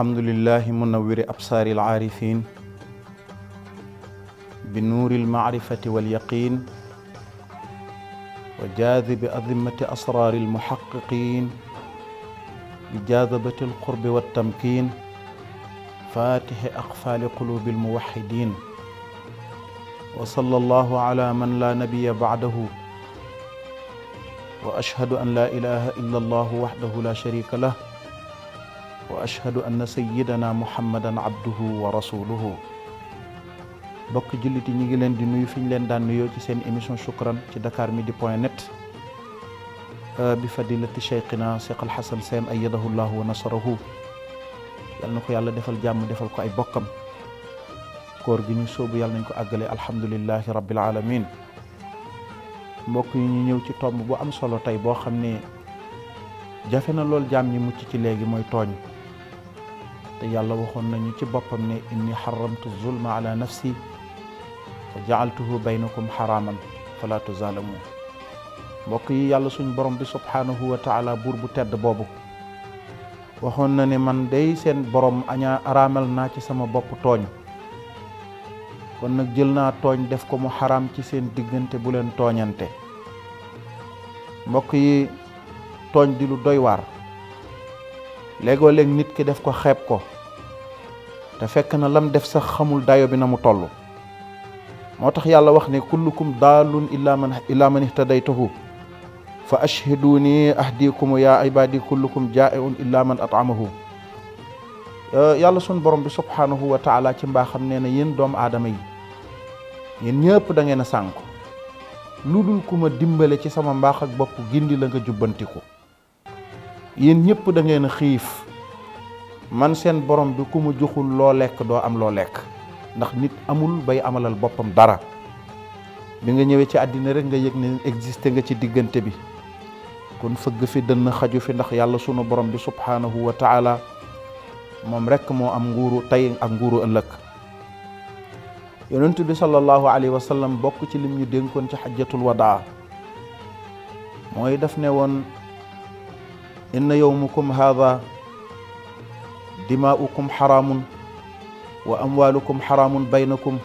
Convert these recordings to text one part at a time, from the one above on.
alhamdulillahi munawwiri absaari alaarifin bi nuuri almaarifati walyaqin wa jaadibi adimati asraari almuhaqiqin bi jaadabati alqurbi waltamkin faatixi aqfaali quluubi almuwaxidin wa sallallahu ala man laa nabiya bacdahu wa ashhadu an laa ilaha illa allahu waxdahu laa sharika lah واشهد ان سيدنا محمدا عبده ورسوله bokk jullit yi ñu ngi leen di nuyu fi ñu leen daan nuyoo ci seen émission shukran ci dakar midi point net bi fadilati cheikhina cheikh alxasan seen ayadahu llahu wa nasarahu yal na ko yàlla defal jàmm defal ko ay bokkam koor gi ñu soobu yàlla nañ ko àggale alhamdulilahi rabbil alamin mbokk yi ñu ñëw ci tomb bu am solo tey boo xam ne jafe na lool jaam ñi mucc ci léegi mooy tooñ te yàlla waxoon nañu ci boppam ne inni xaramtu zulma ala nafsi fa jaaltuhu baynakum xaraaman fala tuzaalamu mbokk yi yàlla suñ borom bi subhaanahu wa taala buur bu tedd boobu waxoon na ne man day seen borom añaa araamal naa ci sama bopp tooñ kon nag jël naa tooñ def ko mu xaram ci seen diggante bu leen tooñante mbokk yi tooñ di lu doy waar léegoo léeg nit ki def ko xeeb ko te fekk na lam def sax xamul dayo bi na mu toll moo tax yàlla wax ne kullukum daalun illa man illa man ihtadaytuhu fa ashhiduni ahdikum ya ibadi kullukum jaa'iun illa man at'amahu yàlla sun borom bi subhaanahu wa taala ci mbaaxam nee na yéen doomu aadama yi yéen ñëpp dangeen a sànku lu dul ku dimbale ci sama mbaax ak bopp gindi nga jubbantiku yéen ñëpp da ngeen a xiif man seen borom bi ku ma joxul loo lekk doo am loo lekk ndax nit amul bay amalal boppam dara bi nga ñëwee ci àddina rek nga yëg ne existé nga ci diggante bi kon fëgg fi dënn xaju fi ndax yàlla sunu borom bi subhaanahu wa taala moom rek moo am nguuru tey ak nguuru ëllëg yonent bi sallallahu alayhi wa sallam bokk ci lim ñu dénkoon ci xajjatul wadaa mooy daf ne woon inna yawmakum haada dimaa'ukum xaraamun wa amwaalukum xaraamun baynakum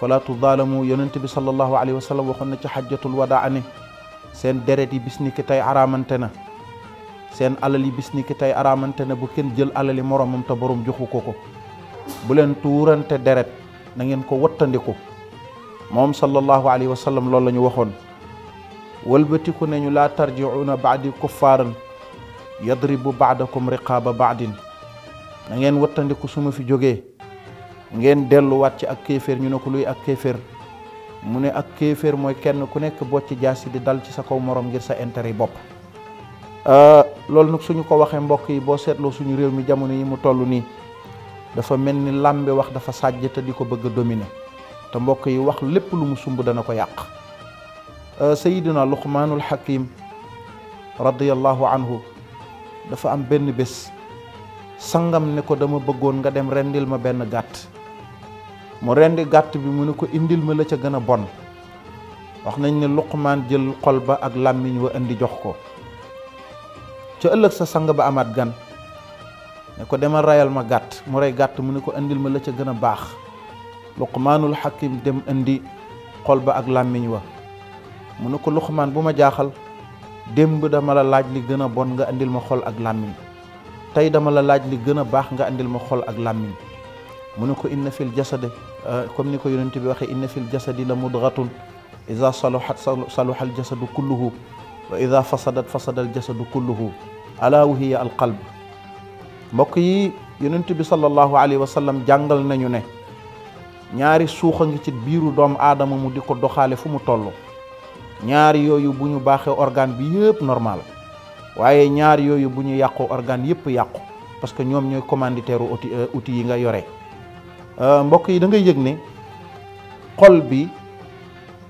falaa tudaalamu yonent bi sallallahu alayhi wa sallam waxoon na ci xajjatul wadaa ne seen deret yi bis ni tey araamante na seen alal yi bis ni tey araamante na bu kenn jël alali moromam te borom joxu ko ko bu leen tuurante deret na ngeen ko wattandiku moom sallallahu alayhi wa sallam loolu la ñu waxoon wëlbatiku ne ñu laa tarjiuna baadi kuffaaran yadribu baadakum riqaaba baadin na ngeen wattandiku suma fi jógee ngeen delluwaat ci ak kéeféer ñu ne ko luy ak kéeféer mu ne ak kéeféer mooy kenn ku nekk bocc jaasi di dal ci sa kaw morom ngir sa intérêt bopp euh, loolu nag suñu ko waxee mbokk yi boo seetloo suñu réew mi jamono yi mu toll nii dafa mel ni làmbi wax dafa sàjj te di ko bëgg a te mbokk yi wax lépp lu mu sumb dana ko yàq euh, sayidina luqmaanul hakim radiyallahu anhu dafa am benn bés sangam ne ko dama bëggoon nga dem rendil ma benn gàtt mu rendi gàtt bi mu ne ko indil ma la ca gën a bon wax nañ ne luqmaan jël xol ba ak làmmiñ wa indi jox ko ca ëllëg sa sang ba amaat gan ne ko demal rayal ma gàtt mu rey gàtt mu ne ko indil ma la ca gën a baax luqmaanul xakim dem indi xol ba ak làmmiñ wa mu ne ko luqmaan bu ma jaaxal démb dama la laaj li gën a bon nga andil ma xol ak làmmiñ tey dama la laaj li gën a baax nga andil ma xol ak làmmiñ mu ne ko inna fil jasade euh, comme ni ko yonent bi waxee inna fil jasadi la mudghatun ida saluhat saluha al jasadu kulluhu wa ida fasadat fasada al jasadu kulluhu ala wa hiya al qalb mbokk yi yonent bi sallallahu alayhi wa jàngal nañu ne ñaari suuxa ngi ci biiru doomu aadama mu di ko doxaale fu mu toll ñaar yooyu bu ñu baaxee organe bi yëpp normal waaye ñaar yooyu bu ñu yàqu organe yëpp yàqu parce que ñoom ñooy commanditaire outil euh, yi nga yore euh, mbokk yi da ngay yëg ne xol bi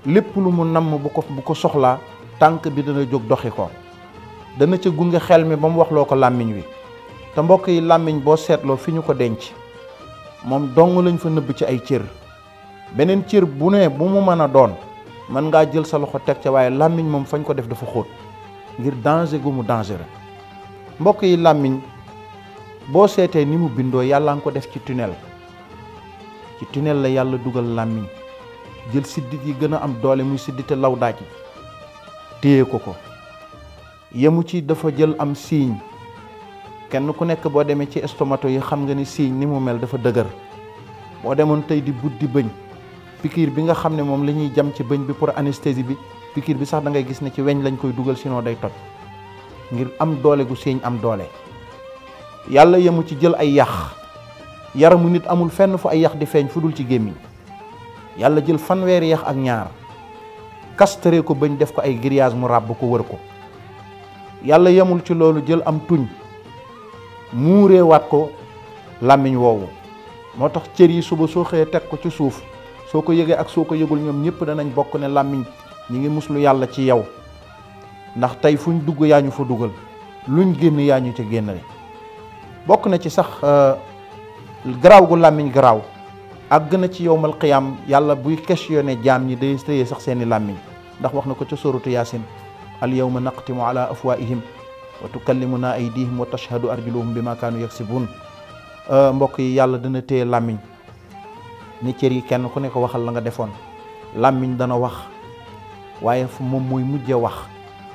lépp lu mu namm bu ko bu ko soxlaa tànk bi dana jóg doxi ko dana ca gunge xel mi ba mu waxloo ko làmmiñ wi te mbokk yi làmmiñ boo seetloo fi ñu ko denc moom dong lañ fa nëbb ci ay cër beneen cër bu ne bu mu mën a doon mën ngaa jël sa loxo teg ca waaye làmmiñ moom fañ ko def dafa xóot ngir danger gu mu danger mbokk yi làmmiñ boo seetee ni mu bindoo yàlla nga ko def ci tunel ci tunnel la yàlla dugal làmmiñ jël siddit yi gën a am doole muy siddite law daaj yi téye ko ko yemu ci dafa jël am siiñ kenn ku nekk boo demee ci estomato yi xam nga ni siiñ ni mu mel dafa dëgër boo demoon tey di buddi bëñ pikiir bi nga xam ne moom la ñuy jam ci bëñ bi pour anesthésie bi pikiir bi sax dangay ngay gis ne ci weñ lañ koy dugal si noo day toj ngir am doole gu seeñ am doole yàlla yemu ci jël ay yax yaramu nit amul fenn fu ay yax di feeñ fu dul ci gémmiñ yàlla jël fanweeri yax ak ñaar kastare ko bañ def ko ay grillage mu ràbb ko wër ko yàlla yemul ci loolu jël am tuñ muureewaat ko làmmiñ woowu moo tax cër yi suba soo xëyee teg ko ci suuf soo ko yëgee ak soo ko yëgul ñoom ñëpp danañ bokk ne làmmiñ ñi ngi muslu yàlla ci yow ndax tey fuñ dugg yaa ñu fa dugal luñ génn yaa ñu ca génnale bokk na ci sax euh, garaaw gu làmmiñ garaaw ak àgg na ci yowmal qiyaam yàlla buy questionné jaam ñi day téye sax seeni làmmiñ ndax wax na ko ca sóoratu yaasin al yawma naqtimu ala afwaihim wa tukallimuna aydihim wa tashhadu arjuluhum bima si yaksibun euh, mbokk yi yàlla dana téye làmmiñ ne cër yi kenn ku ne ko waxal la nga defoon làmmiñ dana wax waaye fu moom mooy mujje wax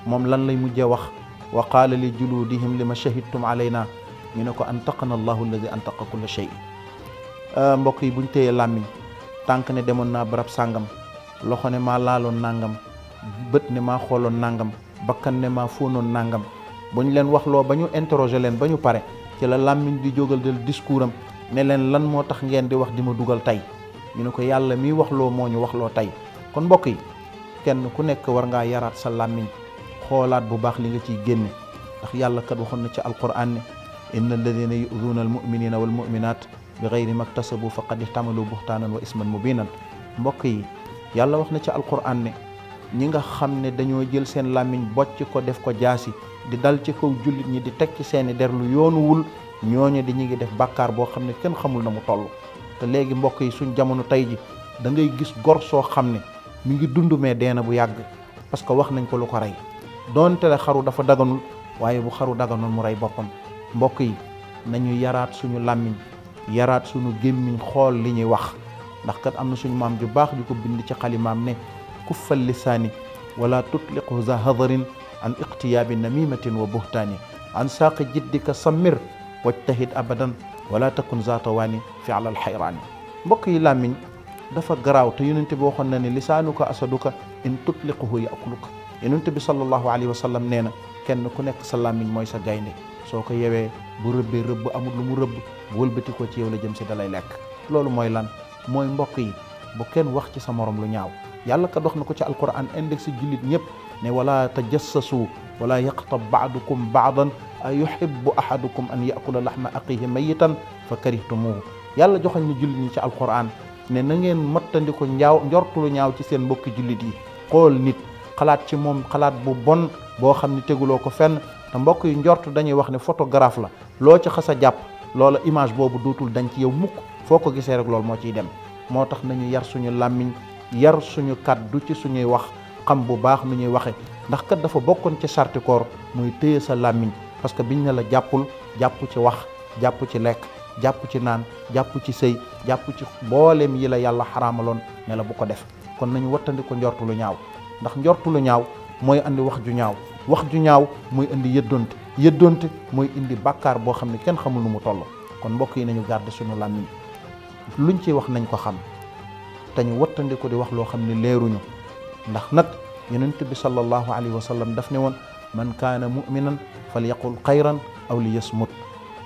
moom lan lay mujje wax wa qaala li juluudihim li ma shahidtum alayna ñu ne ko antaqana allahu alladi antaqa kulla shay euh, mbokk yi buñ téyee làmmiñ tànk ne demoon naa barab sàngam loxo ne maa laaloon nàngam bët ne maa xooloon nàngam bakkan ne maa foonoon nàngam buñ leen wax loo ba ñu interroger leen ba ñu pare ci la làmmiñ di jógal del discours am ne leen lan moo tax ngeen di wax di ma dugal tey ñu ne ko yàlla miy waxloo moo ñu waxloo tey kon mbokk yi kenn ku nekk war ngaa yaraat sa làmmiñ xoolaat bu baax li nga ciy génne ndax yàlla kat waxoon na ci alquran ne inna alladina yuduuna almuminina walmuminat bi gayri maktasabu faqad ihtamalu buxtaanan wa isman mubinan mbokk yi yàlla wax na ci alquran ne ñi nga xam ne dañoo jël seen làmmiñ bocc ko def ko jaasi di dal ci kaw jullit ñi di teg ci seeni der lu yoonuwul ñooñu di ñu ngi def bàkkaar boo xam ne kenn xamul na mu toll te léegi mbokk yi suñ jamono tey ji da ngay gis gor soo xam ne mi ngi dund mais dee na bu yàgg parce que wax nañ ko lu ko rey doonte la xaru dafa daganul waaye bu xaru daganul mu rey boppam mbokk yi nañu yaraat suñu làmmiñ yaraat suñu gémmiñ xool li ñuy wax ndax kat am na suñu maam ju baax ju ko bind ci xalimaam ne kuffal lisaani wala tutliqu za hadarin an iqtiyaabi namimatin wa buhtaani an saaqi jiddika sammir wajtahid abadan wala takun zaata waani fi alal xayraani mbokk yi làmmiñ dafa garaaw te yonent bi waxoon na ne lisaanuka asaduka in tutliquhu yakuluka yonent bi sallallahu alayhi wa sallam nee na kenn ku nekk sa làmmiñ mooy sa gaynde soo ko yewee bu rëbbee rëbb amul lu mu rëbb bu wëlbati ci yow la jëm si dalay lekk loolu mooy lan mooy mbokk yi bu kenn wax ci sa moroom lu ñaaw yàlla ka dox na ko ci alquran index si jullit ñëpp ne wala tajassasu wala yaqtab baadukum baadan ay bu ayuhibbu ahadukum an yakula laxma aqihi mayitan fa karihtumuhu yàlla joxañ ni jullit ñi ci alquran ne na ngeen mottandiko njaaw njortulu ñaaw ci seen mbokki jullit yi xool nit xalaat ci moom xalaat bu bon boo xam ne teguloo ko fenn te mbokk yu njort dañuy wax ne photographe la loo ci xas a jàpp loola image boobu dootul dañ ci yow mukk foo ko gisee rek loolu moo ciy dem moo tax nañu yar suñu làmmiñ yar suñu kàddu ci suñuy wax xam bu baax nu ñuy waxe ndax dafa bokkoon ci sarti koor muy téye sa làmmiñ parce que biñ ne la jàppul jàpp ci wax jàpp ci lekk jàpp ci naan jàpp ci sëy jàpp ci mboolem yi la yàlla xaraamaloon ne bu ko def kon nañu wattandiku ko njortu lu ñaaw ndax njortu lu ñaaw mooy indi wax ju ñaaw wax ju ñaaw mooy indi yëddonte yëddonte mooy indi bàkkaar boo xam ne kenn xamul nu mu toll kon mbokk yi nañu garder suñu làmmiñ luñ ciy wax nañ ko xam te ñu di wax loo xam ne leeruñu ndax nag yonent bi sallallahu alayhi wa sallam daf ne man kaana muminan falyaqul xayran aw li yasmut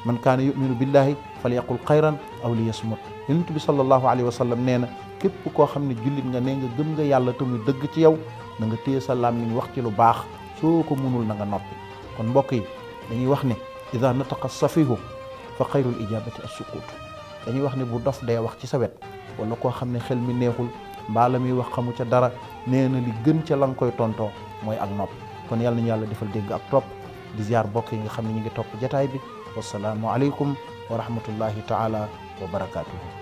man kaana yuminu billahi falyaqul xayran aw li yasmut yonent bi sallallahu alayhi wa sallam nee na képp koo xam ne jullit nga ne gën gëm nga yàlla te muy dëgg ci yow na nga téye sa laam làmmiñ wax ci lu baax soo ko munul na nga noppi kon mbokk yi dañuy wax ne ida nataqa safihu fa xayrul ijabati assukuut dañuy wax ne bu dof day wax ci sa wet wala koo xam ne xel mi neexul mbaala la muy wax xamu ca dara nee na li gën ca lan koy tontoo mooy ak nopp kon yàlla nañu yàlla defal dégg ak topp di bokk mbokk yi nga xam ne ñu ngi topp jataay bi wasalaamualeykum wa rahmatullahi taala wa barakaatuhu